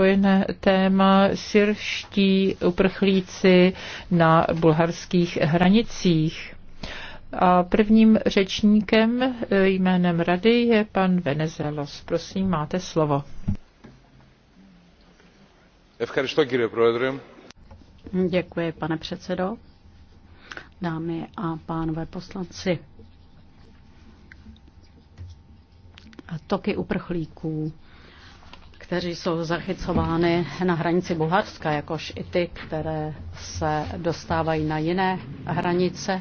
spojené téma syrští uprchlíci na bulharských hranicích. A prvním řečníkem jménem rady je pan Venezelos. Prosím, máte slovo. Děkuji, pane předsedo. Dámy a pánové poslanci, toky uprchlíků kteří jsou zachycovány na hranici Bulharska, jakož i ty, které se dostávají na jiné hranice.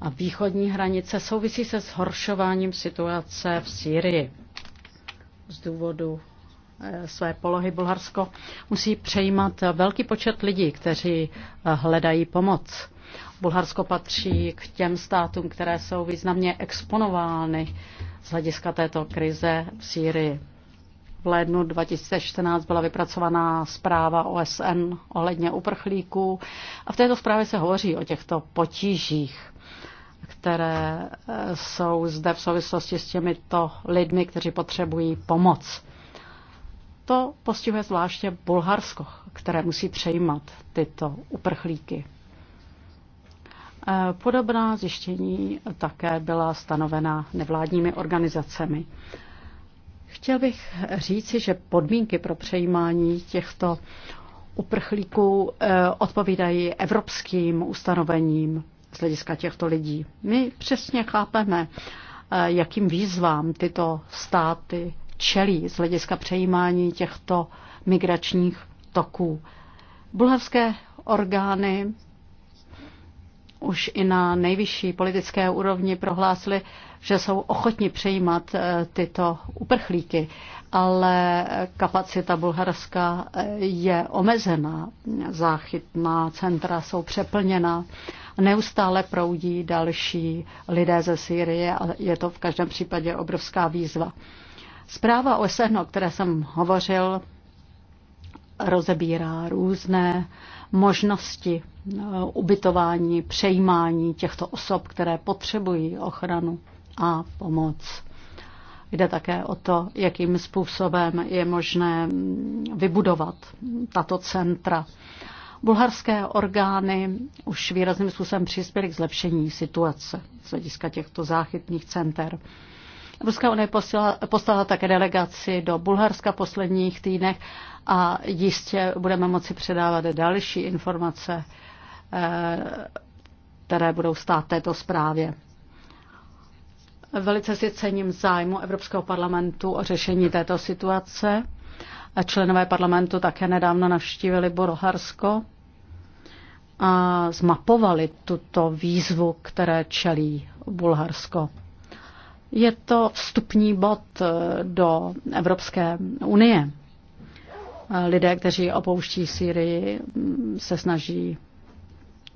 A východní hranice souvisí se zhoršováním situace v Sýrii. Z důvodu eh, své polohy Bulharsko musí přejímat velký počet lidí, kteří eh, hledají pomoc. Bulharsko patří k těm státům, které jsou významně exponovány z hlediska této krize v Sýrii. V lednu 2014 byla vypracovaná zpráva OSN ohledně uprchlíků a v této zprávě se hovoří o těchto potížích které eh, jsou zde v souvislosti s těmito lidmi, kteří potřebují pomoc. To postihuje zvláště Bulharsko, které musí přejímat tyto uprchlíky. Eh, podobná zjištění také byla stanovena nevládními organizacemi. Chtěl bych říci, že podmínky pro přejímání těchto uprchlíků eh, odpovídají evropským ustanovením z hlediska těchto lidí. My přesně chápeme, eh, jakým výzvám tyto státy čelí z hlediska přejímání těchto migračních toků. Bulharské orgány už i na nejvyšší politické úrovni prohlásili, že jsou ochotni přejímat eh, tyto uprchlíky, ale kapacita bulharská eh, je omezená, záchytná centra jsou přeplněna, neustále proudí další lidé ze Sýrie a je to v každém případě obrovská výzva. Zpráva OSN, o které jsem hovořil, rozebírá různé možnosti eh, ubytování, přejímání těchto osob, které potřebují ochranu a pomoc. Jde také o to, jakým způsobem je možné vybudovat tato centra. Bulharské orgány už výrazným způsobem přispěly k zlepšení situace z hlediska těchto záchytných center. Evropská unie poslala také delegaci do Bulharska v posledních týdnech a jistě budeme moci předávat další informace, eh, které budou stát této zprávě. Velice si cením zájmu Evropského parlamentu o řešení této situace. A členové parlamentu také nedávno navštívili Boroharsko a zmapovali tuto výzvu, které čelí Bulharsko. Je to vstupní bod eh, do Evropské unie. Lidé, kteří opouští Syrii, mm, se snaží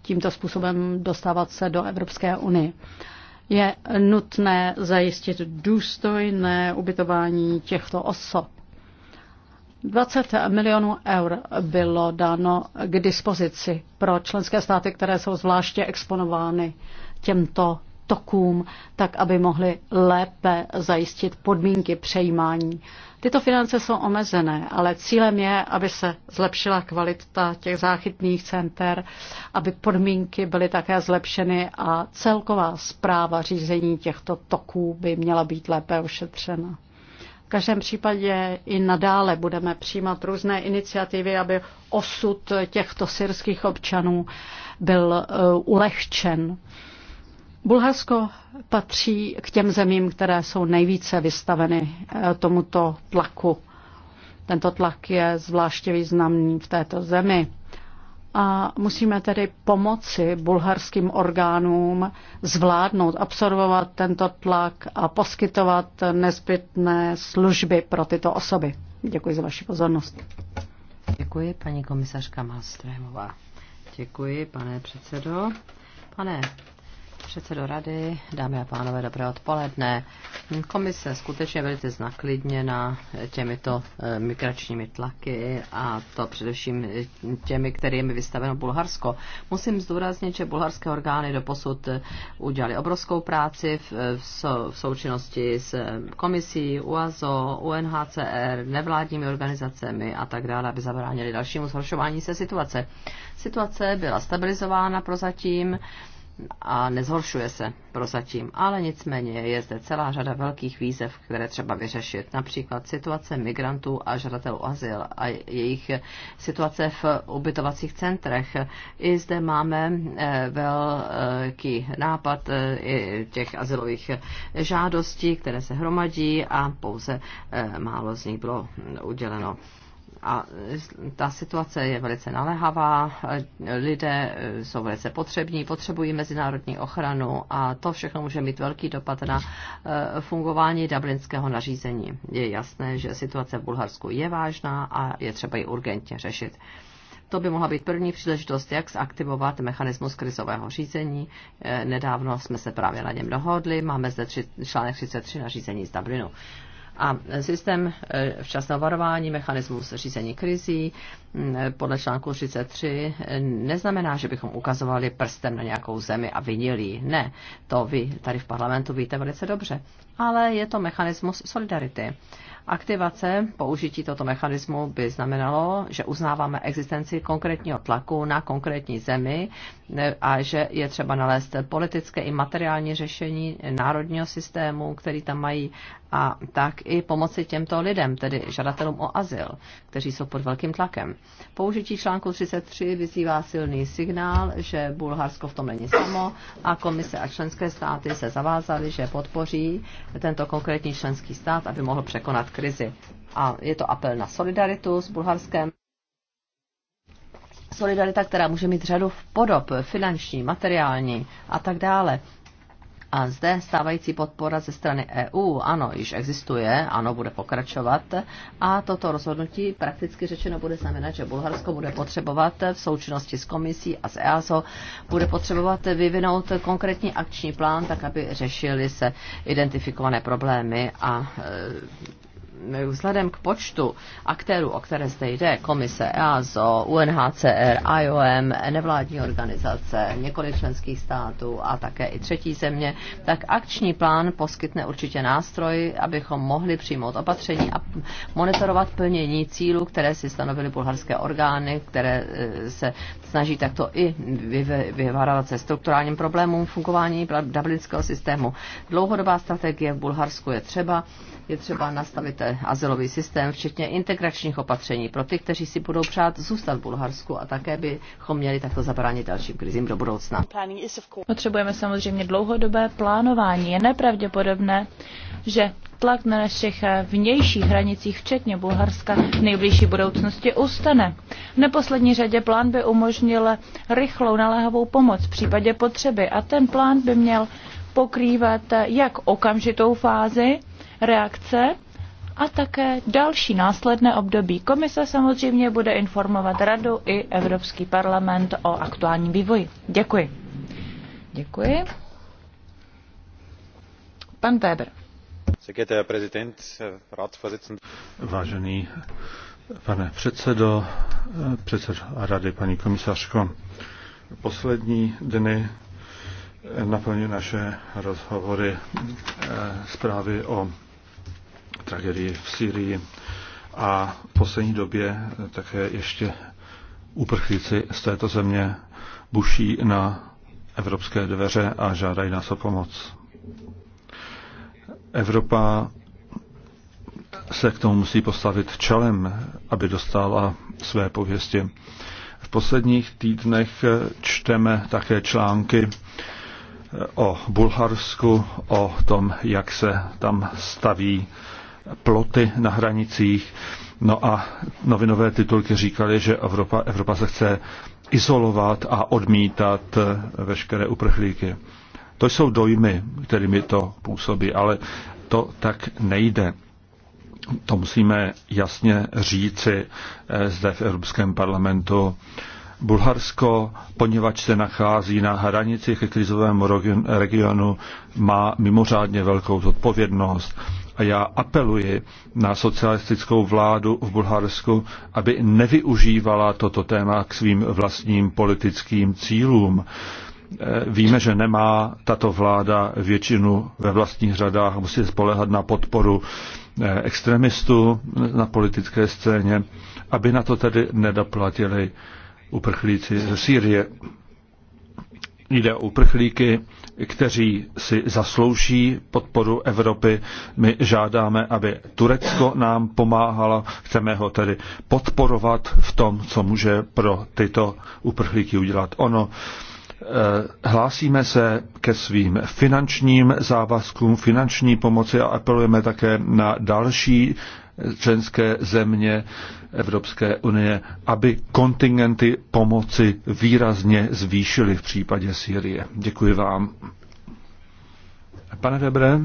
tímto způsobem dostávat se do Evropské unie. Je nutné zajistit důstojné ubytování těchto osob. 20 milionů eur bylo dáno k dispozici pro členské státy, které jsou zvláště exponovány těmto tokům, tak aby mohli lépe zajistit podmínky přejímání. Tyto finance jsou omezené, ale cílem je, aby se zlepšila kvalita těch záchytných center, aby podmínky byly také zlepšeny a celková zpráva řízení těchto toků by měla být lépe ošetřena. V každém případě i nadále budeme přijímat různé iniciativy, aby osud těchto syrských občanů byl eh, ulehčen. Bulharsko patří k těm zemím, které jsou nejvíce vystaveny eh, tomuto tlaku. Tento tlak je zvláště významný v této zemi. A musíme tedy pomoci bulharským orgánům zvládnout, absorbovat tento tlak a poskytovat nezbytné služby pro tyto osoby. Děkuji za vaši pozornost. Děkuji, paní komisařka Malstrémová. Děkuji, pane předsedo. Pane předsedo rady, dámy a pánové, dobré odpoledne. Komise skutečně velice znaklidněna těmito eh, migračními tlaky a to především eh, těmi, kterými vystaveno Bulharsko. Musím zdůraznit, že bulharské orgány doposud eh, udělali obrovskou práci v součinnosti s komisí, UAZO, UNHCR, nevládními organizacemi a tak dále, aby zabránili dalšímu zhoršování se situace. Situace byla stabilizována prozatím a nezhoršuje se prozatím. Ale nicméně je zde celá řada velkých výzev, které třeba vyřešit. Například situace migrantů a žadatelů azyl a jejich situace v ubytovacích centrech. I zde máme eh, velký nápad eh, těch azylových žádostí, které se hromadí a pouze eh, málo z nich bylo uděleno a ta situace je velice naléhavá, lidé jsou velice potřební, potřebují mezinárodní ochranu a to všechno může mít velký dopad na eh, fungování dublinského nařízení. Je jasné, že situace v Bulharsku je vážná a je třeba ji urgentně řešit. To by mohla být první příležitost, jak zaktivovat mechanismus krizového řízení. Eh, nedávno jsme se právě na něm dohodli, máme zde tři, článek 33 na řízení z Dublinu a systém eh, včasného varování, mechanismus řízení krizí podle článku 33 neznamená, že bychom ukazovali prstem na nějakou zemi a vinili ji. Ne, to vy tady v parlamentu víte velice dobře. Ale je to mechanismus solidarity. Aktivace použití tohoto mechanismu by znamenalo, že uznáváme existenci konkrétního tlaku na konkrétní zemi a že je třeba nalézt politické i materiální řešení národního systému, který tam mají, a tak i pomoci těmto lidem, tedy žadatelům o azyl, kteří jsou pod velkým tlakem. Použití článku 33 vyzývá silný signál, že Bulharsko v tom není samo a komise a členské státy se zavázaly, že podpoří tento konkrétní členský stát, aby mohl překonat krizi. A je to apel na solidaritu s Bulharskem. Solidarita, která může mít řadu podob, finanční, materiální a tak dále. A zde stávající podpora ze strany EU, ano, již existuje, ano, bude pokračovat. A toto rozhodnutí prakticky řečeno bude znamenat, že Bulharsko bude potřebovat v součinnosti s komisí a s EASO, bude potřebovat vyvinout konkrétní akční plán, tak aby řešili se identifikované problémy a e, vzhledem k počtu aktérů, o které zde jde, komise EASO, UNHCR, IOM, nevládní organizace, několik členských států a také i třetí země, tak akční plán poskytne určitě nástroj, abychom mohli přijmout opatření a monitorovat plnění cílů, které si stanovily bulharské orgány, které e, se snaží takto i vyvarovat se strukturálním problémům fungování dublinského systému. Dlouhodobá strategie v Bulharsku je třeba, je třeba nastavit e, azylový systém, včetně integračních opatření pro ty, kteří si budou přát zůstat v Bulharsku a také bychom měli takto zabránit dalším krizím do budoucna. Potřebujeme samozřejmě dlouhodobé plánování. Je nepravděpodobné, že tlak na našich vnějších hranicích, včetně Bulharska, v nejbližší budoucnosti ustane. V neposlední řadě plán by umožnil rychlou naléhavou pomoc v případě potřeby a ten plán by měl pokrývat jak okamžitou fázi reakce, a také další následné období. Komise samozřejmě bude informovat Radu i Evropský parlament o aktuálním vývoji. Děkuji. Děkuji. Pan Weber. Vážený pane předsedo, předsedo rady, paní komisařko, poslední dny naplňují naše rozhovory eh, zprávy o tragedii v Syrii a v poslední době také ještě uprchlíci z této země buší na evropské dveře a žádají nás o pomoc. Evropa se k tomu musí postavit čelem, aby dostala své pověsti. V posledních týdnech čteme také články o Bulharsku, o tom, jak se tam staví ploty na hranicích. No a novinové titulky říkaly, že Evropa, Evropa se chce izolovat a odmítat eh, veškeré uprchlíky. To jsou dojmy, kterými to působí, ale to tak nejde. To musíme jasně říci eh, zde v Evropském parlamentu. Bulharsko, poněvadž se nachází na hranici ke krizovému regionu, má mimořádně velkou zodpovědnost a já apeluji na socialistickou vládu v Bulharsku, aby nevyužívala toto téma k svým vlastním politickým cílům. E, víme, že nemá tato vláda většinu ve vlastních řadách, musí spolehat na podporu e, extremistů na politické scéně, aby na to tedy nedoplatili uprchlíci ze Sýrie jde o uprchlíky, kteří si zaslouží podporu Evropy. My žádáme, aby Turecko nám pomáhalo, chceme ho tedy podporovat v tom, co může pro tyto uprchlíky udělat ono. Eh, hlásíme se ke svým finančním závazkům, finanční pomoci a apelujeme také na další členské země, Evropské unie, aby kontingenty pomoci výrazně zvýšily v případě Sýrie. Děkuji vám. Pane Webre,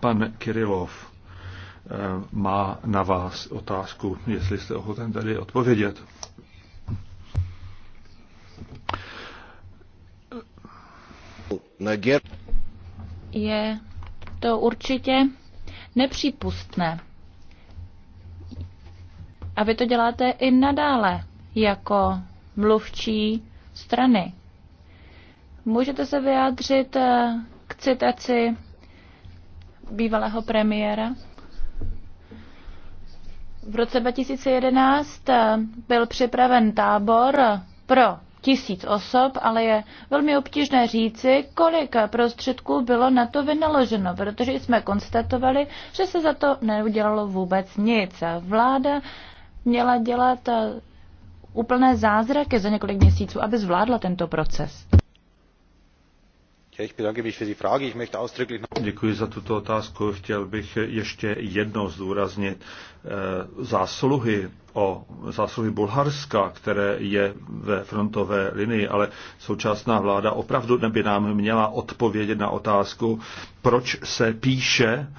pan Kirilov eh, má na vás otázku, jestli jste ochoten tady odpovědět. Je to určitě nepřípustné, a vy to děláte i nadále jako mluvčí strany. Můžete se vyjádřit eh, k citaci bývalého premiéra? V roce 2011 eh, byl připraven tábor pro tisíc osob, ale je velmi obtížné říci, kolik prostředků bylo na to vynaloženo, protože jsme konstatovali, že se za to neudělalo vůbec nic. Vláda měla dělat eh, úplné zázraky za několik měsíců, aby zvládla tento proces? Děkuji za tuto otázku. Chtěl bych ještě jednou zdůraznit eh, zásluhy o zásluhy Bulharska, které je ve frontové linii, ale současná vláda opravdu neby nám měla odpovědět na otázku, proč se píše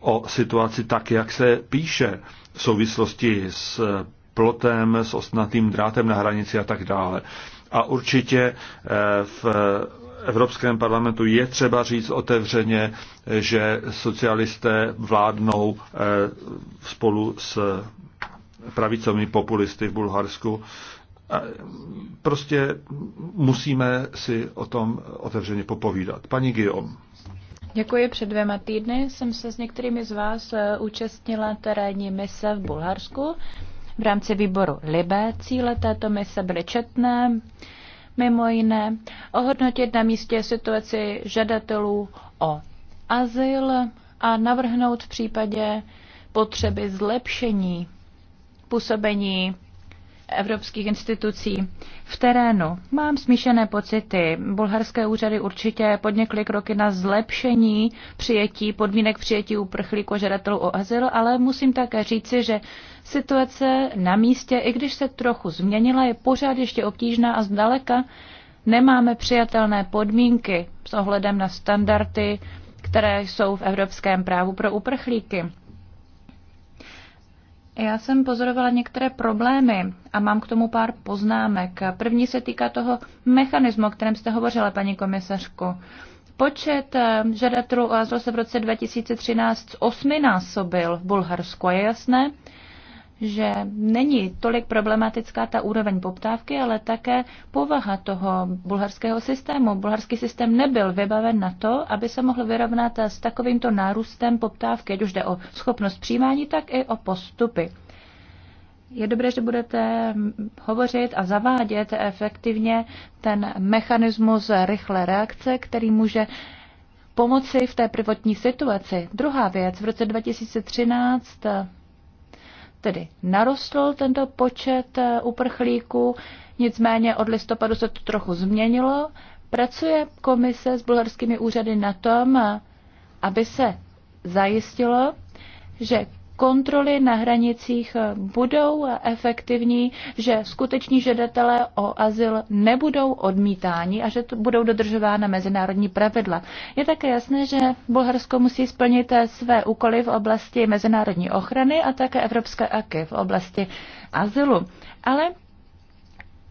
o situaci tak, jak se píše v souvislosti s plotem, s osnatým drátem na hranici a tak dále. A určitě eh, v Evropském parlamentu je třeba říct otevřeně, že socialisté vládnou eh, spolu s pravicovými populisty v Bulharsku. Prostě musíme si o tom otevřeně popovídat. Paní Guillaume. Děkuji. Před dvěma týdny jsem se s některými z vás eh, účastnila terénní mise v Bulharsku v rámci výboru Libe. Cíle této mise byly četné, mimo jiné ohodnotit na místě situaci žadatelů o azyl a navrhnout v případě potřeby zlepšení působení evropských institucí v terénu. Mám smíšené pocity. Bulharské úřady určitě podnikly kroky na zlepšení přijetí, podmínek přijetí uprchlíků žadatelů o azyl, ale musím také říci, že situace na místě, i když se trochu změnila, je pořád ještě obtížná a zdaleka nemáme přijatelné podmínky s ohledem na standardy, které jsou v evropském právu pro uprchlíky. Já jsem pozorovala některé problémy a mám k tomu pár poznámek. První se týká toho mechanismu, o kterém jste hovořila, paní komisařko. Počet eh, žadatelů o azyl se v roce 2013 osminásobil v Bulharsku. Je jasné, že není tolik problematická ta úroveň poptávky, ale také povaha toho bulharského systému. Bulharský systém nebyl vybaven na to, aby se mohl vyrovnat s takovýmto nárůstem poptávky, ať už jde o schopnost přijímání, tak i o postupy. Je dobré, že budete hovořit a zavádět efektivně ten mechanismus rychlé reakce, který může pomoci v té prvotní situaci. Druhá věc, v roce 2013 tedy narostl tento počet eh, uprchlíků, nicméně od listopadu se to trochu změnilo. Pracuje komise s bulharskými úřady na tom, eh, aby se zajistilo, že kontroly na hranicích eh, budou efektivní, že skuteční žadatelé o azyl nebudou odmítáni a že to budou dodržována mezinárodní pravidla. Je také jasné, že Bulharsko musí splnit eh, své úkoly v oblasti mezinárodní ochrany a také evropské aky v oblasti azylu. Ale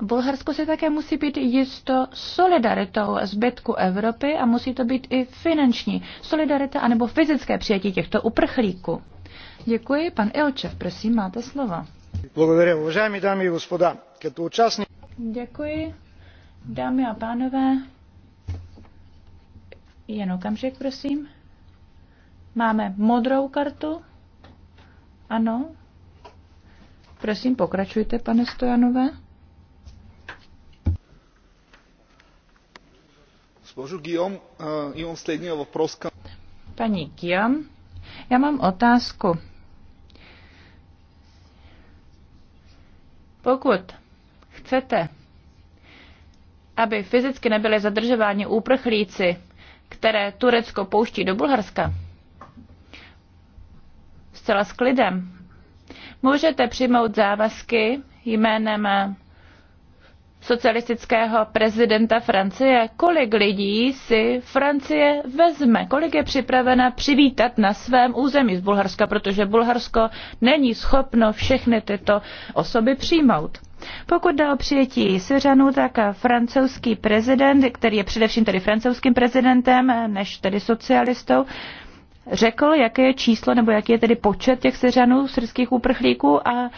Bulharsko se také musí být jisto solidaritou zbytku Evropy a musí to být i finanční solidarita anebo fyzické přijetí těchto uprchlíků. Děkuji. Pan Ilčev, prosím, máte slovo. Děkuji. Dámy a pánové, jen okamžik, prosím. Máme modrou kartu. Ano. Prosím, pokračujte, pane Stojanové. Euh, Paní Guillaume, já mám otázku Pokud chcete, aby fyzicky nebyly zadržováni úprchlíci, které Turecko pouští do Bulharska, zcela s klidem, můžete přijmout závazky jménem socialistického prezidenta Francie, kolik lidí si Francie vezme, kolik je připravena přivítat na svém území z Bulharska, protože Bulharsko není schopno všechny tyto osoby přijmout. Pokud jde o přijetí Syřanů, tak francouzský prezident, který je především tedy francouzským prezidentem, než tedy socialistou, řekl, jaké je číslo nebo jaký je tedy počet těch seřanů syrských uprchlíků a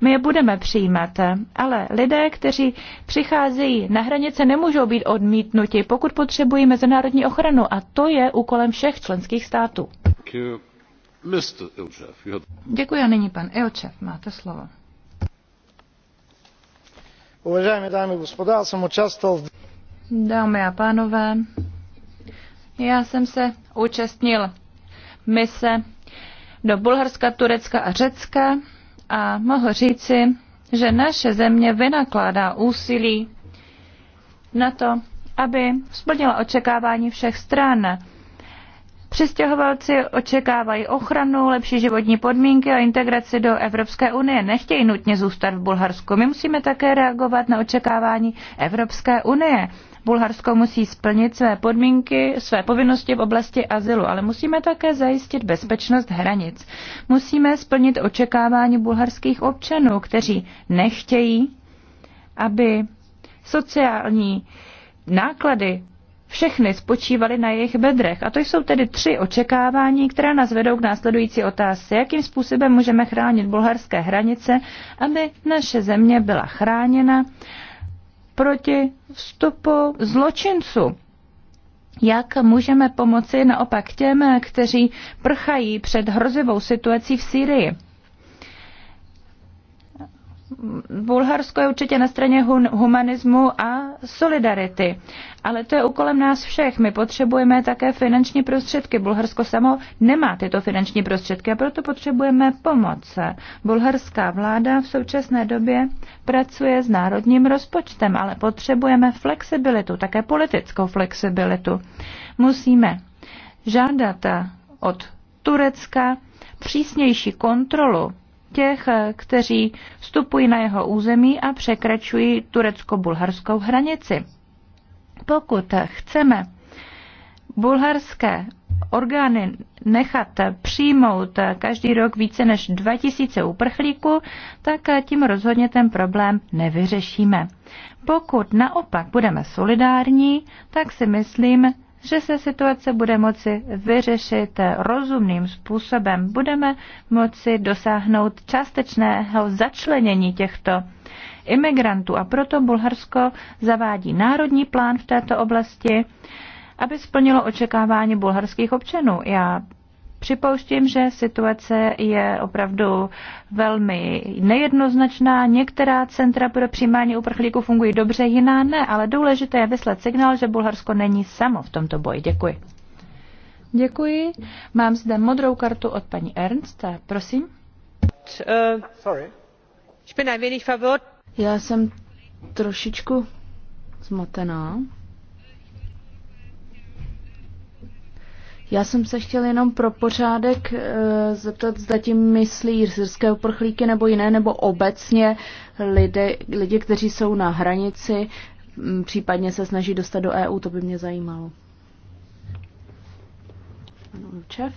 my je budeme přijímat. Ale lidé, kteří přicházejí na hranice, nemůžou být odmítnuti, pokud potřebují mezinárodní ochranu a to je úkolem všech členských států. Děkuji a nyní pan Ilčev, máte slovo. Uvažujeme dámy господа, jsem участвовал Dámy a pánové, já jsem se účastnil mise do Bulharska, Turecka a Řecka a mohu říci, že naše země vynakládá úsilí na to, aby splnila očekávání všech stran. Přistěhovalci očekávají ochranu, lepší životní podmínky a integraci do Evropské unie. Nechtějí nutně zůstat v Bulharsku. My musíme také reagovat na očekávání Evropské unie. Bulharsko musí splnit své podmínky, své povinnosti v oblasti azylu, ale musíme také zajistit bezpečnost hranic. Musíme splnit očekávání bulharských občanů, kteří nechtějí, aby sociální náklady všechny spočívaly na jejich bedrech. A to jsou tedy tři očekávání, která nás vedou k následující otázce. Jakým způsobem můžeme chránit bulharské hranice, aby naše země byla chráněna proti vstupu zločinců. Jak můžeme pomoci naopak těm, kteří prchají před hrozivou situací v Sýrii? Bulharsko je určitě na straně humanismu a solidarity, ale to je úkolem nás všech. My potřebujeme také finanční prostředky. Bulharsko samo nemá tyto finanční prostředky a proto potřebujeme pomoc. Bulharská vláda v současné době pracuje s národním rozpočtem, ale potřebujeme flexibilitu, také politickou flexibilitu. Musíme žádat od Turecka přísnější kontrolu těch, eh, kteří vstupují na jeho území a překračují turecko-bulharskou hranici. Pokud chceme bulharské orgány nechat přijmout každý rok více než 2000 uprchlíků, tak eh, tím rozhodně ten problém nevyřešíme. Pokud naopak budeme solidární, tak si myslím, že se situace bude moci vyřešit rozumným způsobem. Budeme moci dosáhnout částečného začlenění těchto imigrantů a proto Bulharsko zavádí národní plán v této oblasti, aby splnilo očekávání bulharských občanů. Já Připouštím, že situace je opravdu velmi nejednoznačná. Některá centra pro přijímání uprchlíků fungují dobře, jiná ne, ale důležité je vyslat signál, že Bulharsko není samo v tomto boji. Děkuji. Děkuji. Mám zde modrou kartu od paní Ernst. Prosím. Já jsem trošičku zmatená. Já jsem se chtěl jenom pro pořádek e, zeptat, zda tím myslí jirské uprchlíky nebo jiné, nebo obecně lidi, lidi, kteří jsou na hranici, m, mm, případně se snaží dostat do EU, to by mě zajímalo. Čef?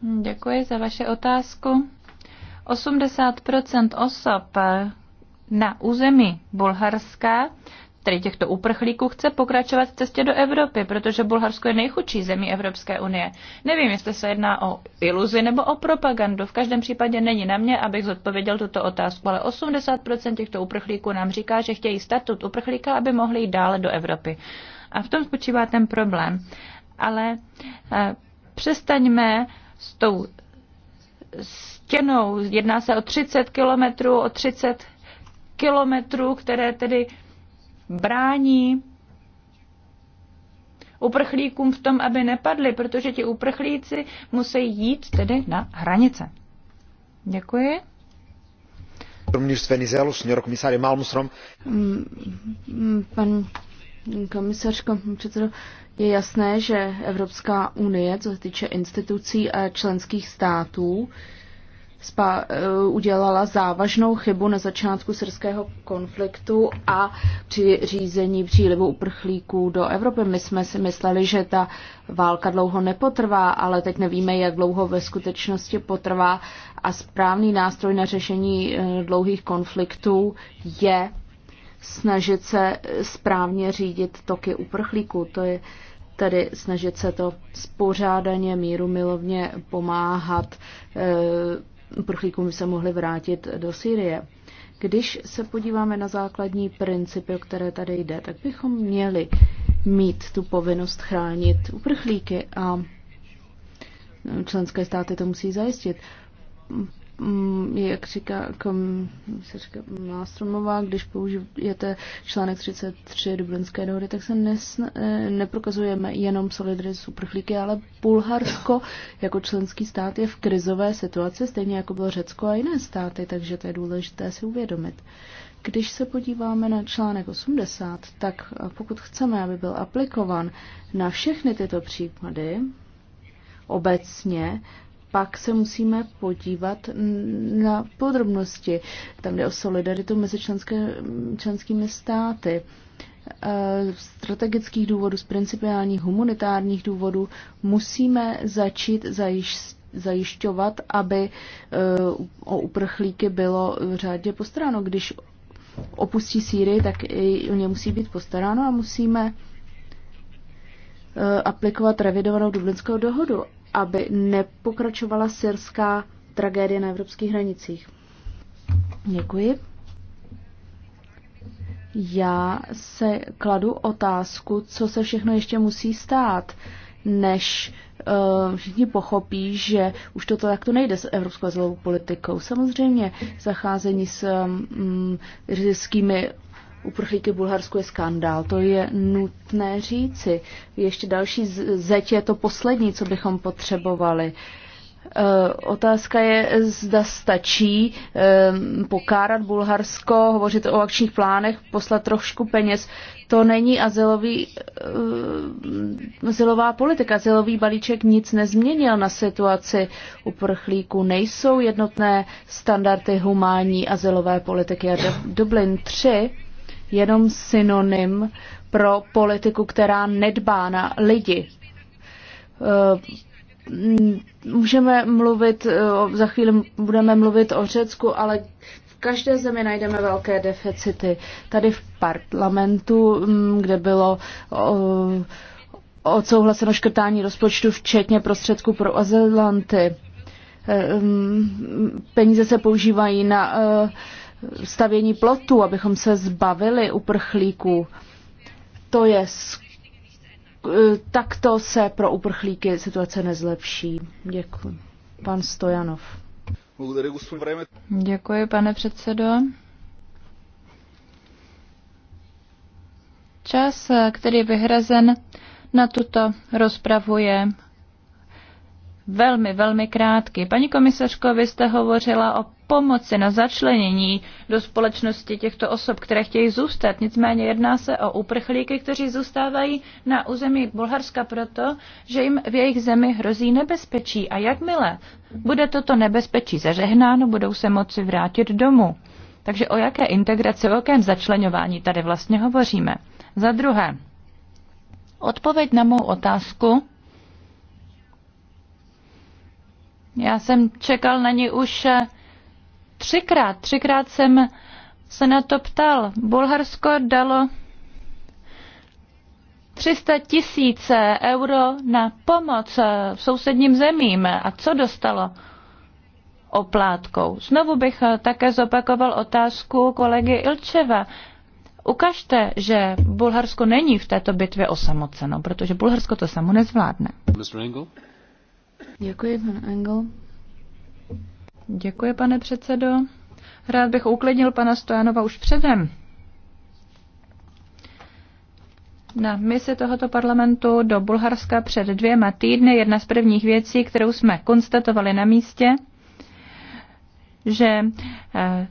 Děkuji za vaše otázku. 80 osob na území Bulharska který těchto uprchlíků chce pokračovat v cestě do Evropy, protože Bulharsko je nejchudší zemí Evropské unie. Nevím, jestli se jedná o iluzi nebo o propagandu. V každém případě není na mě, abych zodpověděl tuto otázku, ale 80% těchto uprchlíků nám říká, že chtějí statut uprchlíka, aby mohli jít dále do Evropy. A v tom spočívá ten problém. Ale eh, přestaňme s tou stěnou. Jedná se o 30 kilometrů, o 30 kilometrů, které tedy brání uprchlíkům v tom, aby nepadli, protože ti uprchlíci musí jít tedy na hranice. Děkuji. Mm, mm, pan komisařko, předsedo, je jasné, že Evropská unie, co se týče institucí a členských států, spa, eh, udělala závažnou chybu na začátku syrského konfliktu a při řízení přílivu uprchlíků do Evropy. My jsme si mysleli, že ta válka dlouho nepotrvá, ale teď nevíme, jak dlouho ve skutečnosti potrvá a správný nástroj na řešení eh, dlouhých konfliktů je snažit se eh, správně řídit toky uprchlíků. To je tedy snažit se to spořádaně, míru milovně pomáhat uprchlíkům se mohli vrátit do Sýrie. Když se podíváme na základní principy, o které tady jde, tak bychom měli mít tu povinnost chránit uprchlíky a členské státy to musí zajistit. Mm, jak říká mm, říká Mástromová, když použijete článek 33 Dublinské dohody, tak se nesna, eh, neprokazujeme jenom solidaritu s uprchlíky, ale Bulharsko jako členský stát je v krizové situaci, stejně jako bylo Řecko a jiné státy, takže to je důležité si uvědomit. Když se podíváme na článek 80, tak eh, pokud chceme, aby byl aplikovan na všechny tyto případy, obecně, pak se musíme podívat na podrobnosti. Tam jde o solidaritu mezi členské, členskými státy. Eh, z strategických důvodů, z principiálních humanitárních důvodů musíme začít zajišť, zajišťovat, aby eh, o uprchlíky bylo řádně postaráno. Když opustí Sýrii, tak i o ně musí být postaráno a musíme eh, aplikovat revidovanou dublinskou dohodu aby nepokračovala syrská tragédie na evropských hranicích. Děkuji. Já se kladu otázku, co se všechno ještě musí stát, než uh, všichni pochopí, že už toto takto nejde s evropskou azylovou politikou. Samozřejmě zacházení s um, řeckými uprchlíky v Bulharsku je skandál. To je nutné říci. Ještě další zeď je to poslední, co bychom potřebovali. E, otázka je, zda stačí e, pokárat Bulharsko, hovořit o akčních plánech, poslat trošku peněz. To není azylový, e, azylová politika. Azylový balíček nic nezměnil na situaci uprchlíků. Nejsou jednotné standardy humánní azylové politiky. A Dublin 3 jenom synonym pro politiku, která nedbá na lidi. Eh, můžeme mluvit, eh, za chvíli budeme mluvit o Řecku, ale v každé zemi najdeme velké deficity. Tady v parlamentu, mm, kde bylo eh, odsouhlaseno škrtání rozpočtu, včetně prostředků pro azylanty. Mm, peníze se používají na stavění plotů, abychom se zbavili uprchlíků. To je eh, takto se pro uprchlíky situace nezlepší. Děkuji. Pan Stojanov. Děkuji, pane předsedo. Čas, který je vyhrazen na tuto rozpravu je velmi, velmi krátký. Paní komisařko, vy jste hovořila o pomoci, na začlenění do společnosti těchto osob, které chtějí zůstat. Nicméně jedná se o uprchlíky, kteří zůstávají na území Bulharska proto, že jim v jejich zemi hrozí nebezpečí. A jakmile bude toto nebezpečí zažehnáno, budou se moci vrátit domů. Takže o jaké integraci, o jakém začlenování tady vlastně hovoříme? Za druhé, odpověď na mou otázku. Já jsem čekal na ní už eh, třikrát. Třikrát jsem se na to ptal. Bulharsko dalo 300 tisíce euro na pomoc sousedním zemím. A co dostalo? Oplátkou. Znovu bych také zopakoval otázku kolegy Ilčeva. Ukažte, že Bulharsko není v této bitvě osamoceno, protože Bulharsko to samo nezvládne. Děkuji, pan Engel. Děkuji, pane předsedo. Rád bych uklidnil pana Stojanova už předem. Na misi tohoto parlamentu do Bulharska před dvěma týdny jedna z prvních věcí, kterou jsme konstatovali na místě, že eh,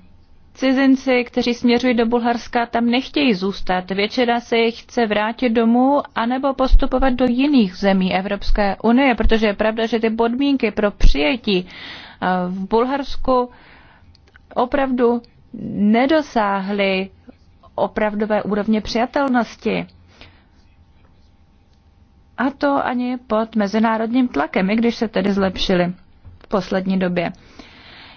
cizinci, kteří směřují do Bulharska, tam nechtějí zůstat. Většina se jich chce vrátit domů anebo postupovat do jiných zemí Evropské unie, protože je pravda, že ty podmínky pro přijetí Eh, v Bulharsku opravdu nedosáhly opravdové úrovně přijatelnosti. A to ani pod mezinárodním tlakem, i když se tedy zlepšili v poslední době.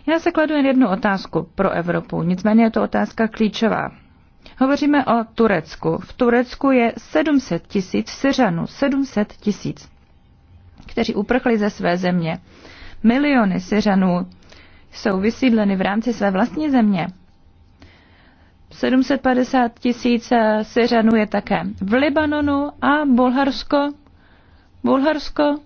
Já se kladu jen jednu otázku pro Evropu, nicméně je to otázka klíčová. Hovoříme o Turecku. V Turecku je 700 tisíc Syřanů, 700 tisíc, kteří uprchli ze své země. Miliony Syřanů jsou vysídleny v rámci své vlastní země. 750 tisíc eh, Syřanů je také v Libanonu a Bulharsko. Bulharsko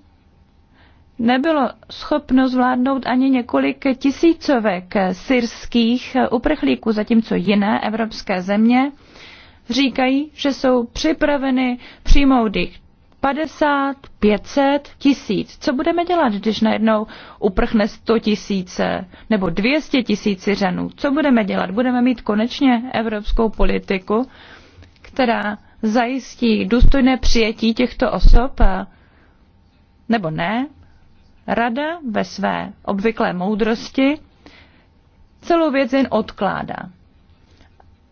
nebylo schopno zvládnout ani několik tisícovek eh, syrských eh, uprchlíků, zatímco jiné evropské země říkají, že jsou připraveny přijmout jich 50, 500, 1000. Co budeme dělat, když najednou uprchne 100 tisíce nebo 200 tisíc řenů? Co budeme dělat? Budeme mít konečně evropskou politiku, která zajistí důstojné přijetí těchto osob nebo ne? Rada ve své obvyklé moudrosti celou věc jen odkládá.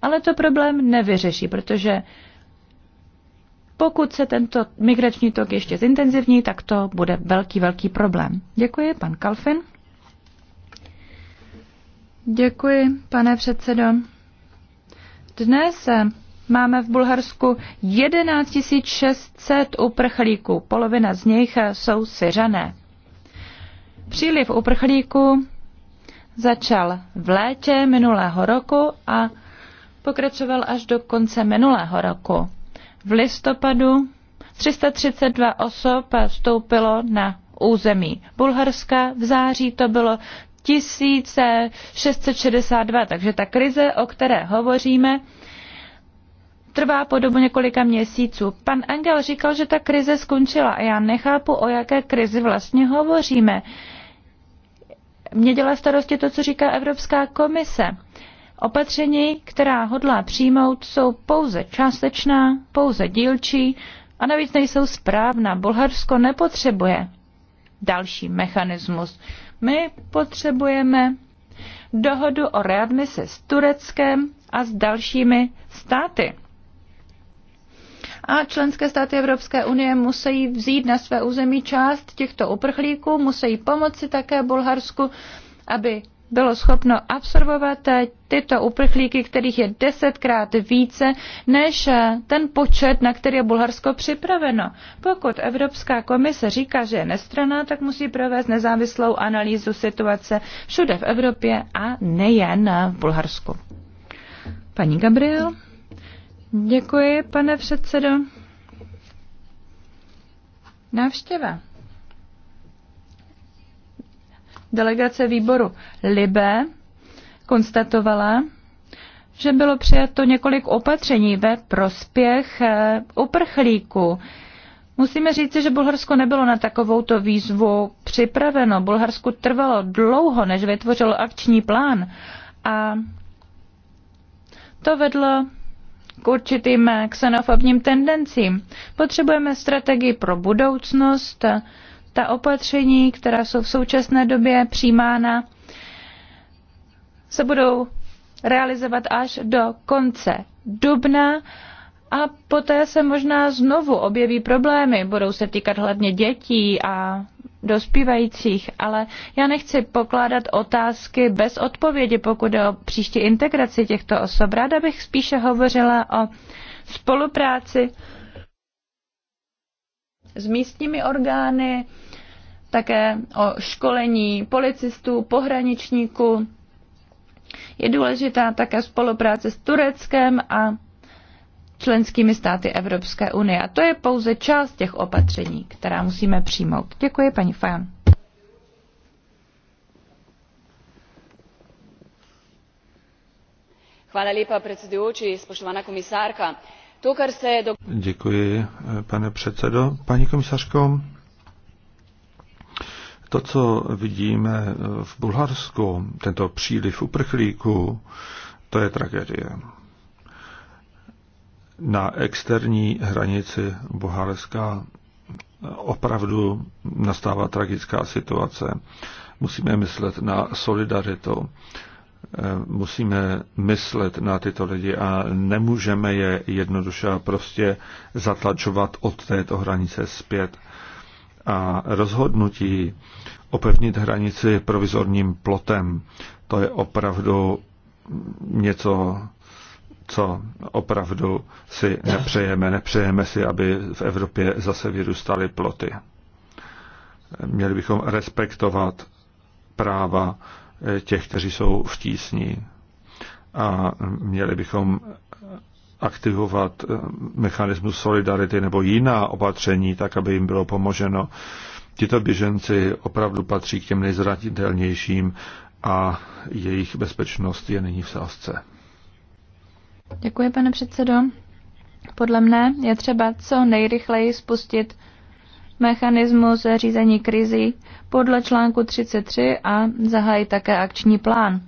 Ale to problém nevyřeší, protože pokud se tento migrační tok ještě zintenzivní, tak to bude velký, velký problém. Děkuji, pan Kalfin. Děkuji, pane předsedo. Dnes eh, máme v Bulharsku 11 600 uprchlíků, polovina z nich eh, jsou syřané. Příliv uprchlíků začal v létě minulého roku a pokračoval až do konce minulého roku v listopadu 332 osob vstoupilo na území Bulharska, v září to bylo 1662, takže ta krize, o které hovoříme, trvá po dobu několika měsíců. Pan Engel říkal, že ta krize skončila a já nechápu, o jaké krizi vlastně hovoříme. Mě dělá starosti to, co říká Evropská komise. Opatření, která hodlá přijmout, jsou pouze částečná, pouze dílčí a navíc nejsou správná. Bulharsko nepotřebuje další mechanismus. My potřebujeme dohodu o readmisi s Tureckem a s dalšími státy. A členské státy Evropské unie musí vzít na své území část těchto uprchlíků, musí pomoci také Bulharsku, aby bylo schopno absorbovat eh, tyto uprchlíky, kterých je desetkrát více než eh, ten počet, na který je Bulharsko připraveno. Pokud Evropská komise říká, že je nestraná, tak musí provést nezávislou analýzu situace všude v Evropě a nejen v Bulharsku. Paní Gabriel, děkuji, pane předsedo. Návštěva delegace výboru Libe konstatovala, že bylo přijato několik opatření ve prospěch eh, uprchlíků. Musíme říci, že Bulharsko nebylo na takovouto výzvu připraveno. Bulharsku trvalo dlouho, než vytvořilo akční plán a to vedlo k určitým xenofobním eh, tendencím. Potřebujeme strategii pro budoucnost, ta opatření, která jsou v současné době přijímána, se budou realizovat až do konce dubna a poté se možná znovu objeví problémy. Budou se týkat hlavně dětí a dospívajících, ale já nechci pokládat otázky bez odpovědi, pokud je o příští integraci těchto osob. Ráda bych spíše hovořila o spolupráci s místními orgány, také o školení policistů, pohraničníků. Je důležitá také spolupráce s Tureckem a členskými státy Evropské unie. A to je pouze část těch opatření, která musíme přijmout. Děkuji, paní Fajan. Hvala lepa, predsedujoči, spoštovana komisarka to, kar se je do... Děkuji, pane předsedo. Paní komisařko, to, co vidíme v Bulharsku, tento příliv uprchlíků, to je tragédie. Na externí hranici Bulharska opravdu nastává tragická situace. Musíme myslet na solidaritu. Eh, musíme myslet na tyto lidi a nemůžeme je jednoduše prostě zatlačovat od této hranice zpět. A rozhodnutí opevnit hranici provizorním plotem, to je opravdu něco, co opravdu si nepřejeme. Nepřejeme si, aby v Evropě zase vyrůstaly ploty. Měli bychom respektovat práva těch, kteří jsou v tísni. A měli bychom aktivovat eh, mechanismus solidarity nebo jiná opatření, tak aby jim bylo pomoženo. Tito běženci opravdu patří k těm nejzranitelnějším a jejich bezpečnost je nyní v sázce. Děkuji, pane předsedo. Podle mne je třeba co nejrychleji spustit mechanismus řízení krizi podle článku 33 a zahájí také akční plán.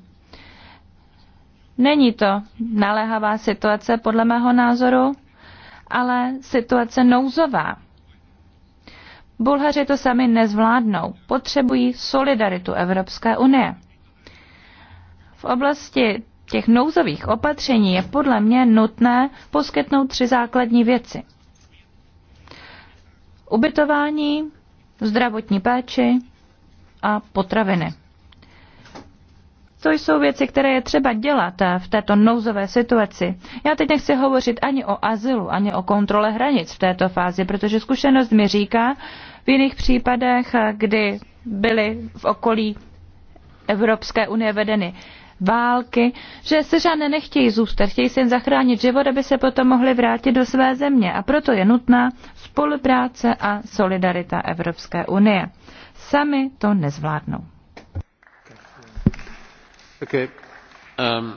Není to naléhavá situace podle mého názoru, ale situace nouzová. Bulhaři to sami nezvládnou, potřebují solidaritu Evropské unie. V oblasti těch nouzových opatření je podle mě nutné poskytnout tři základní věci ubytování, zdravotní péči a potraviny. To jsou věci, které je třeba dělat v této nouzové situaci. Já teď nechci hovořit ani o azylu, ani o kontrole hranic v této fázi, protože zkušenost mi říká, v jiných případech, kdy byly v okolí Evropské unie vedeny války, že Syřané nechtějí zůstat, chtějí se jen zachránit život, aby se potom mohli vrátit do své země. A proto je nutná spolupráce a solidarita Evropské unie. Sami to nezvládnou. Um,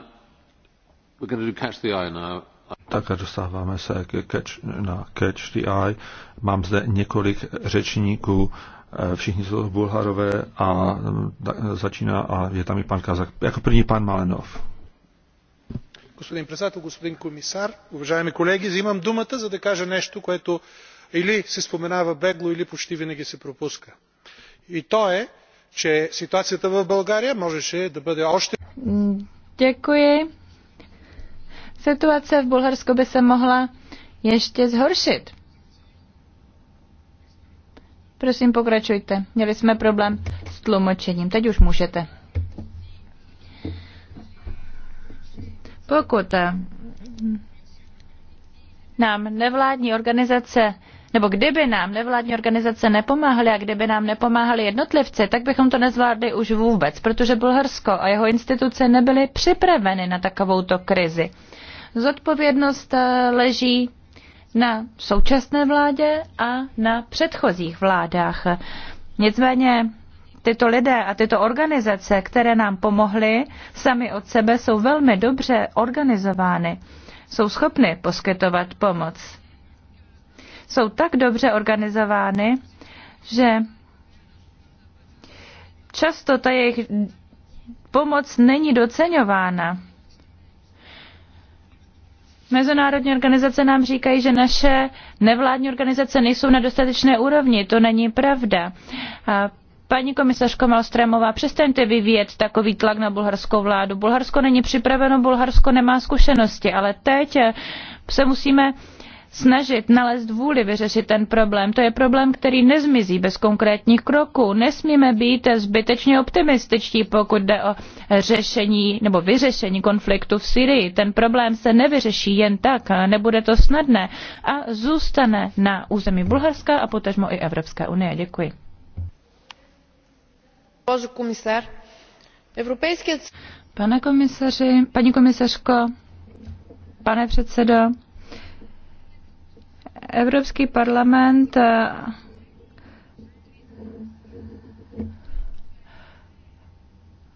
tak a dostáváme se ke catch, na Catch the Eye. Mám zde několik řečníků všichni jsou to Bulharové a začíná a je tam i pan Kazak. Jako první pan Malenov. Господин председател, господин комисар, уважаеми колеги, взимам думата, за да кажа нещо, което или се споменава бегло, или почти винаги се пропуска. И то е, че ситуацията в България можеше да бъде още... Děkuji. Ситуация в Българско би се могла ještě zhoršit. Prosím, pokračujte. Měli jsme problém s tlumočením. Teď už můžete. Pokud eh, nám nevládní organizace nebo kdyby nám nevládní organizace nepomáhaly a kdyby nám nepomáhali jednotlivci, tak bychom to nezvládli už vůbec, protože Bulharsko a jeho instituce nebyly připraveny na takovouto krizi. Zodpovědnost eh, leží na současné vládě a na předchozích vládách. Nicméně tyto lidé a tyto organizace, které nám pomohly, sami od sebe jsou velmi dobře organizovány. Jsou schopny poskytovat pomoc. Jsou tak dobře organizovány, že často ta jejich pomoc není doceňována. Mezinárodní organizace nám říkají, že naše nevládní organizace nejsou na dostatečné úrovni. To není pravda. A Paní komisařko Malstremová, přestaňte vyvíjet takový tlak na bulharskou vládu. Bulharsko není připraveno, Bulharsko nemá zkušenosti, ale teď se musíme snažit nalézt vůli vyřešit ten problém. To je problém, který nezmizí bez konkrétních kroků. Nesmíme být zbytečně optimističtí, pokud jde o řešení nebo vyřešení konfliktu v Syrii. Ten problém se nevyřeší jen tak, nebude to snadné a zůstane na území Bulharska a potažmo i Evropské unie. Děkuji. Pane komisaři, paní komisařko, pane předsedo, Evropský parlament eh,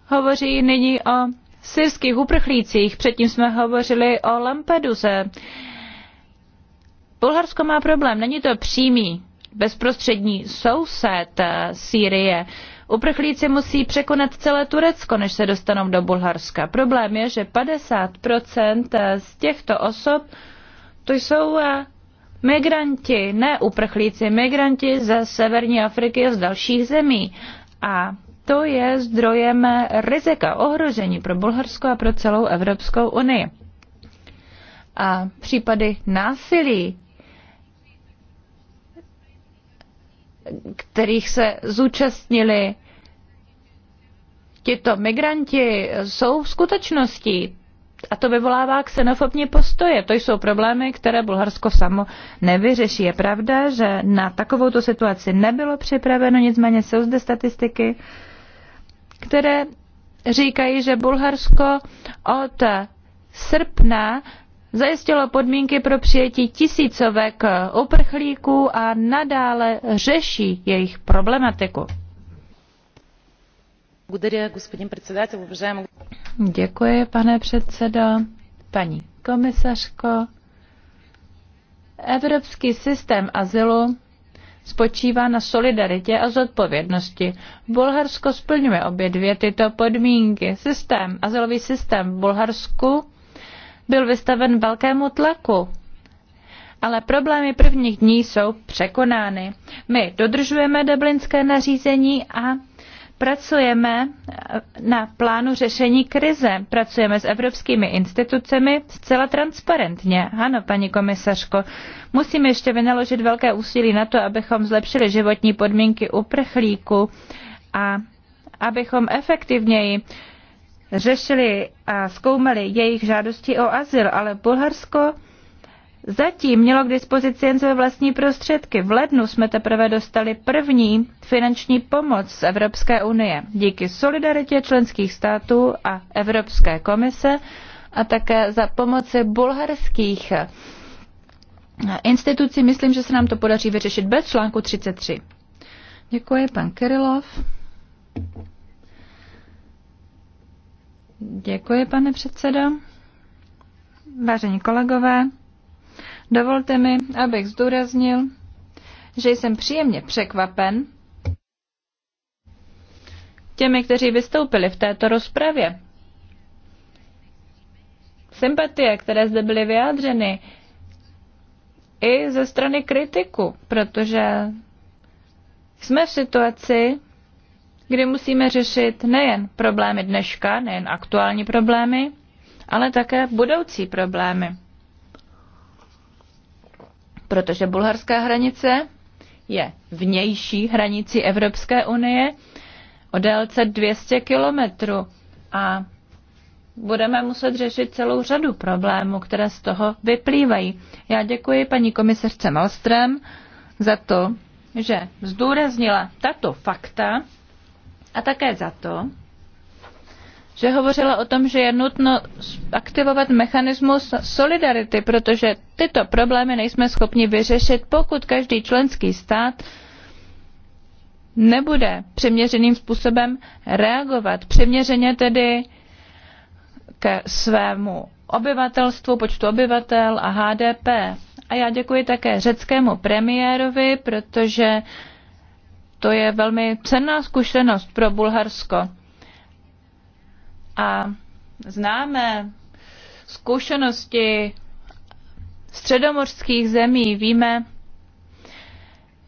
hovoří nyní o syrských uprchlících. Předtím jsme hovořili o Lampeduze. Bulharsko má problém. Není to přímý bezprostřední soused eh, Sýrie. Uprchlíci musí překonat celé Turecko, než se dostanou do Bulharska. Problém je, že 50% eh, z těchto osob to jsou migranti, ne uprchlíci, migranti ze severní Afriky a z dalších zemí. A to je zdrojem rizika ohrožení pro Bulharsko a pro celou Evropskou unii. A případy násilí, kterých se zúčastnili tito migranti, jsou v skutečnosti a to vyvolává xenofobní postoje. To jsou problémy, které Bulharsko samo nevyřeší. Je pravda, že na takovouto situaci nebylo připraveno, nicméně jsou zde statistiky, které říkají, že Bulharsko od srpna zajistilo podmínky pro přijetí tisícovek uprchlíků a nadále řeší jejich problematiku. Děkuji, pane předsedo. Paní komisařko, evropský systém azylu spočívá na solidaritě a zodpovědnosti. Bulharsko splňuje obě dvě tyto podmínky. Systém, azylový systém v Bulharsku byl vystaven velkému tlaku. Ale problémy prvních dní jsou překonány. My dodržujeme dublinské nařízení a Pracujeme eh, na plánu řešení krize, pracujeme s evropskými institucemi zcela transparentně. Ano, paní komisařko, musíme ještě vynaložit velké úsilí na to, abychom zlepšili životní podmínky uprchlíků a abychom efektivněji řešili a zkoumali jejich žádosti o azyl, ale Bulharsko Zatím mělo k dispozici jen své vlastní prostředky. V lednu jsme teprve dostali první finanční pomoc z Evropské unie díky solidaritě členských států a Evropské komise a také za pomoci bulharských institucí. Myslím, že se nám to podaří vyřešit bez článku 33. Děkuji, pan Kirilov. Děkuji, pane předsedo. Vážení kolegové, Dovolte mi, abych zdůraznil, že jsem příjemně překvapen těmi, kteří vystoupili v této rozpravě. Sympatie, které zde byly vyjádřeny, i ze strany kritiku, protože jsme v situaci, kdy musíme řešit nejen problémy dneška, nejen aktuální problémy, ale také budoucí problémy protože bulharská hranice je vnější hranici Evropské unie o délce 200 kilometrů a budeme muset řešit celou řadu problémů, které z toho vyplývají. Já děkuji paní komisařce Malstrem za to, že zdůraznila tato fakta a také za to, že hovořila o tom, že je nutno aktivovat mechanismus solidarity, protože tyto problémy nejsme schopni vyřešit, pokud každý členský stát nebude přiměřeným způsobem reagovat. Přiměřeně tedy ke svému obyvatelstvu, počtu obyvatel a HDP. A já děkuji také řeckému premiérovi, protože to je velmi cenná zkušenost pro Bulharsko. A známe zkušenosti středomořských zemí, víme,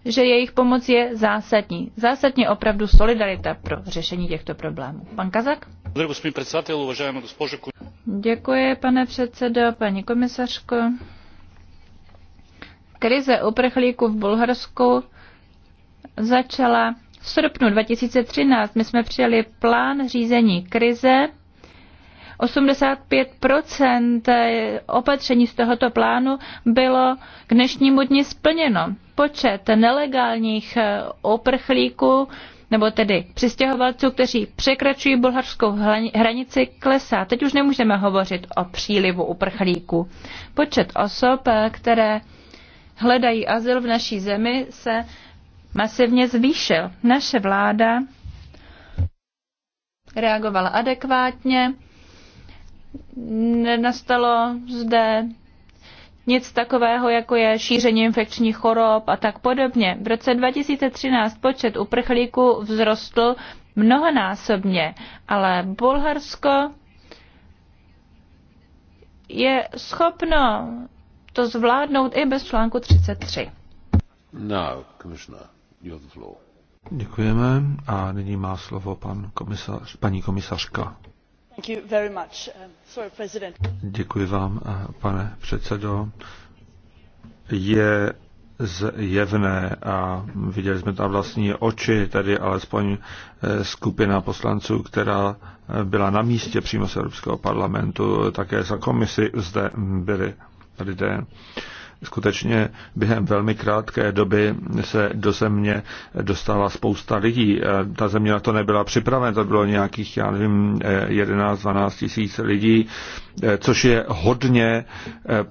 že jejich pomoc je zásadní. Zásadně opravdu solidarita pro řešení těchto problémů. Pan Kazak? Děkuji, pane předsedo, paní komisařko. Krize uprchlíků v Bulharsku začala v srpnu 2013 my jsme přijali plán řízení krize. 85 eh, opatření z tohoto plánu bylo k dnešnímu dni splněno. Počet nelegálních uprchlíků eh, nebo tedy přistěhovalců, kteří překračují bulharskou hranici, klesá. Teď už nemůžeme hovořit o přílivu uprchlíků. Počet osob, eh, které hledají azyl v naší zemi, se masivně zvýšil. Naše vláda reagovala adekvátně, nenastalo zde nic takového, jako je šíření infekčních chorob a tak podobně. V roce 2013 počet uprchlíků vzrostl mnohonásobně, ale Bulharsko je schopno to zvládnout i bez článku 33. No, Děkujeme a nyní má slovo pan komisař, paní komisařka. Um, Děkuji vám, eh, pane předsedo. Je zjevné a viděli jsme tam vlastní oči, tedy alespoň eh, skupina poslanců, která eh, byla na místě přímo z Evropského parlamentu, také za komisi zde byly lidé skutečně během velmi krátké doby se do země dostala spousta lidí. Eh, ta země na to nebyla připravena, to bylo nějakých, já nevím, 11-12 eh, tisíc lidí, eh, což je hodně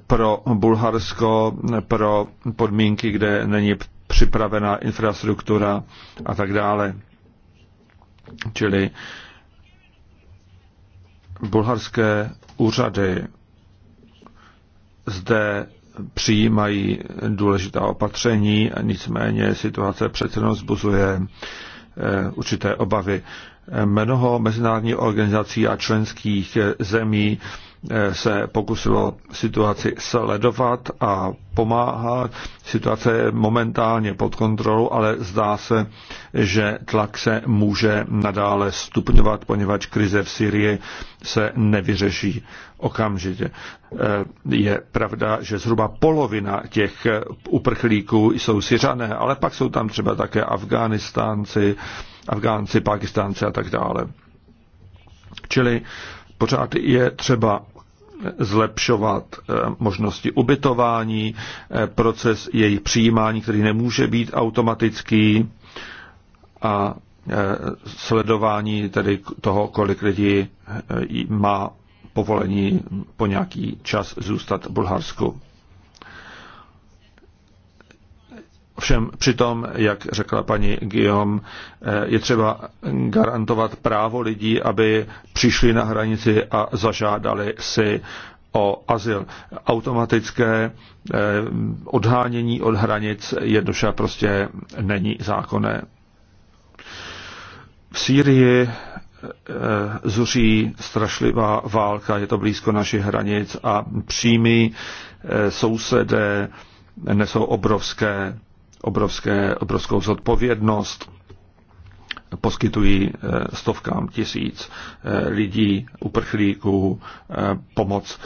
pro Bulharsko, pro podmínky, kde není připravená infrastruktura a tak dále. Čili bulharské úřady zde přijímají důležitá opatření, nicméně situace přece jenom zbuzuje eh, určité obavy. Mnoho mezinárodních organizací a členských eh, zemí Eh, se pokusilo situaci sledovat a pomáhat. Situace je momentálně pod kontrolou, ale zdá se, že tlak se může nadále stupňovat, poněvadž krize v Syrii se nevyřeší okamžitě. Eh, je pravda, že zhruba polovina těch uprchlíků jsou Syřané, ale pak jsou tam třeba také Afghánistánci, Afgánci, Pakistánci a tak dále. Čili pořád je třeba zlepšovat eh, možnosti ubytování, eh, proces jejich přijímání, který nemůže být automatický a eh, sledování tedy toho, kolik lidí má povolení po nějaký čas zůstat v Bulharsku. Ovšem přitom, jak řekla paní Guillaume, eh, je třeba garantovat právo lidí, aby přišli na hranici a zažádali si o azyl. Automatické eh, odhánění od hranic jednoduše prostě není zákonné. V Sýrii eh, zuří strašlivá válka, je to blízko našich hranic a přímí sousedé nesou obrovské obrovské, obrovskou zodpovědnost. Poskytují eh, stovkám tisíc eh, lidí, uprchlíků eh, pomoc.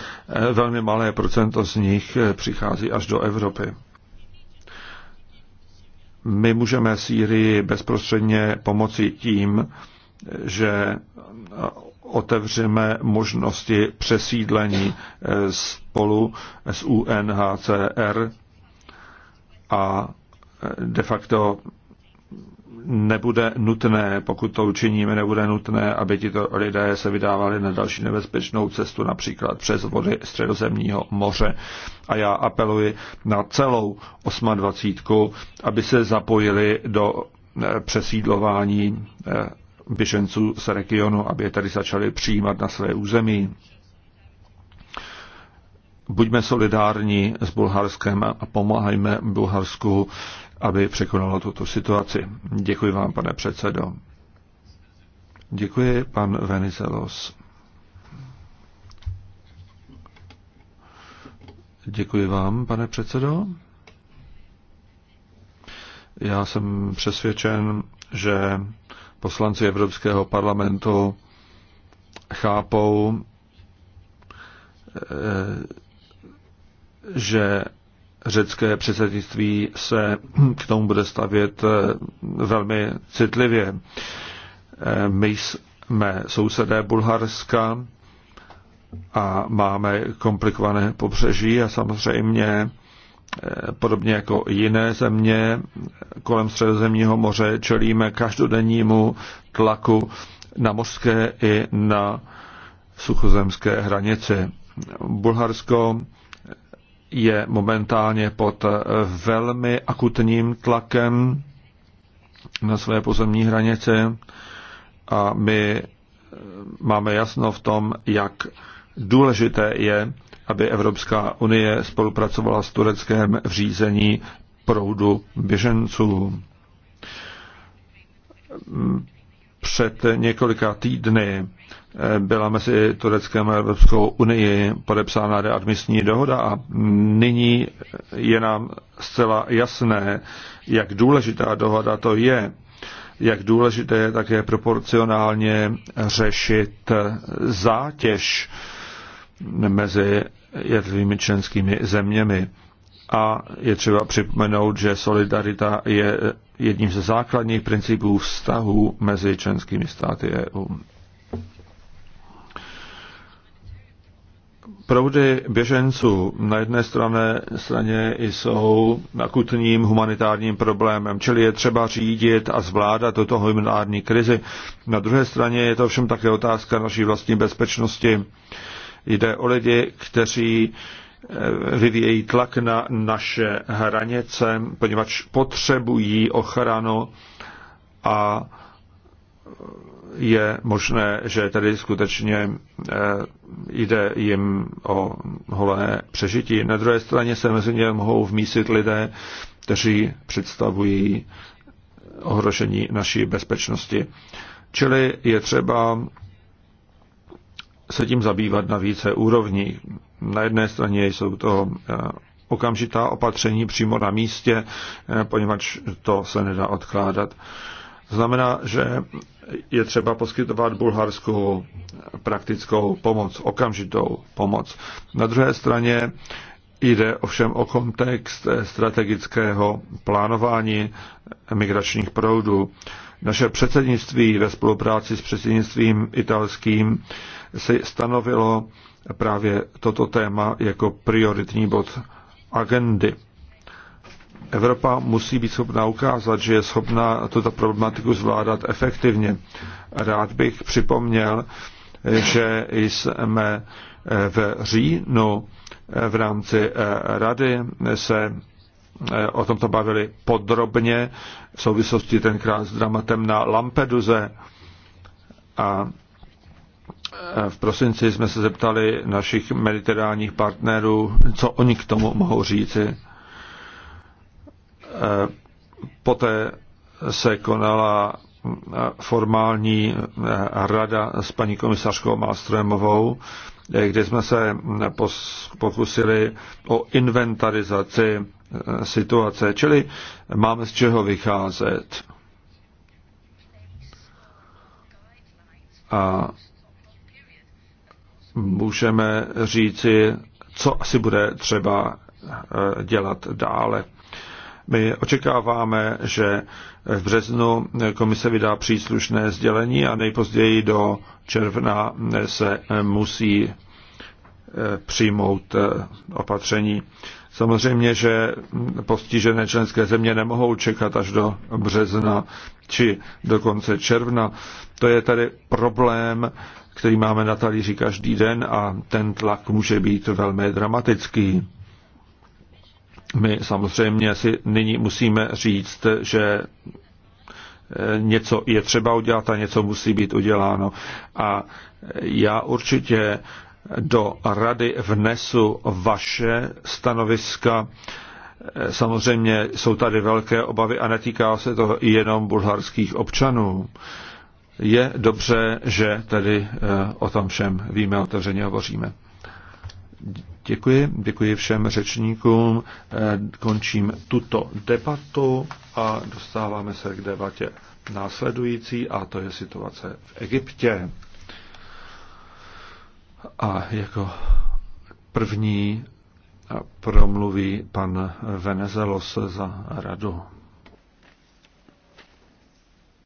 Velmi malé procento z nich přichází až do Evropy. My můžeme Sýrii bezprostředně pomoci tím, že otevřeme možnosti přesídlení spolu s UNHCR a de facto nebude nutné, pokud to učiníme, nebude nutné, aby tito lidé se vydávali na další nebezpečnou cestu, například přes vody Středozemního moře. A já apeluji na celou 28, aby se zapojili do eh, přesídlování eh, běženců z regionu, aby je tady začali přijímat na své území. Buďme solidární s Bulharskem a pomáhajme Bulharsku aby překonalo tuto situaci. Děkuji vám, pane předsedo. Děkuji, pan Venizelos. Děkuji vám, pane předsedo. Já jsem přesvědčen, že poslanci Evropského parlamentu chápou, eh, že řecké předsednictví se k tomu bude stavět eh, velmi citlivě. Eh, my jsme sousedé Bulharska a máme komplikované pobřeží a samozřejmě eh, podobně jako jiné země kolem Středozemního moře čelíme každodennímu tlaku na mořské i na suchozemské hranici. Bulharsko je momentálně pod eh, velmi akutním tlakem na své pozemní hranice a my eh, máme jasno v tom, jak důležité je, aby Evropská unie spolupracovala s Tureckém v řízení proudu běženců před několika týdny byla mezi Tureckem a Evropskou unii podepsána readmisní dohoda a nyní je nám zcela jasné, jak důležitá dohoda to je, jak důležité je také proporcionálně řešit zátěž mezi jednotlivými členskými zeměmi. A je třeba připomenout, že solidarita je jedním ze základních principů vztahu mezi členskými státy EU. Proudy běženců na jedné straně, straně jsou akutním humanitárním problémem, čili je třeba řídit a zvládat tuto humanitární krizi. Na druhé straně je to všem také otázka naší vlastní bezpečnosti. Jde o lidi, kteří vyvíjejí tlak na naše hranice, poněvadž potřebují ochranu a je možné, že tady skutečně eh, jde jim o holé přežití. Na druhé straně se mezi ně mohou vmísit lidé, kteří představují ohrožení naší bezpečnosti. Čili je třeba se tím zabývat na více úrovní. Na jedné straně jsou to eh, okamžitá opatření přímo na místě, eh, poněvadž to se nedá odkládat. Znamená, že je třeba poskytovat Bulharsku praktickou pomoc, okamžitou pomoc. Na druhé straně jde ovšem o kontext eh, strategického plánování migračních proudů. Naše předsednictví ve spolupráci s předsednictvím italským si stanovilo právě toto téma jako prioritní bod agendy. Evropa musí být schopna ukázat, že je schopna tuto problematiku zvládat efektivně. Rád bych připomněl, že jsme v říjnu v rámci eh, rady se eh, o tomto bavili podrobně v souvislosti tenkrát s dramatem na Lampeduze a Eh, v prosinci jsme se zeptali našich mediterálních partnerů, co oni k tomu mohou říci. Eh, poté se konala eh, formální rada s paní komisařkou Malstromovou, kde jsme se pokusili o inventarizaci situace, čili máme z čeho vycházet. A můžeme říci, co asi bude třeba eh, dělat dále. My očekáváme, že v březnu komise vydá příslušné sdělení a nejpozději do června se musí eh, přijmout eh, opatření. Samozřejmě, že postižené členské země nemohou čekat až do března či do konce června. To je tady problém který máme na talíři každý den a ten tlak může být velmi dramatický. My samozřejmě si nyní musíme říct, že eh, něco je třeba udělat a něco musí být uděláno. A já určitě do rady vnesu vaše stanoviska. Eh, samozřejmě jsou tady velké obavy a netýká se to jenom bulharských občanů je dobře, že tedy eh, o tom všem víme, otevřeně hovoříme. Děkuji, děkuji všem řečníkům. Eh, končím tuto debatu a dostáváme se k debatě následující a to je situace v Egyptě. A jako první promluví pan Venezelos za radu.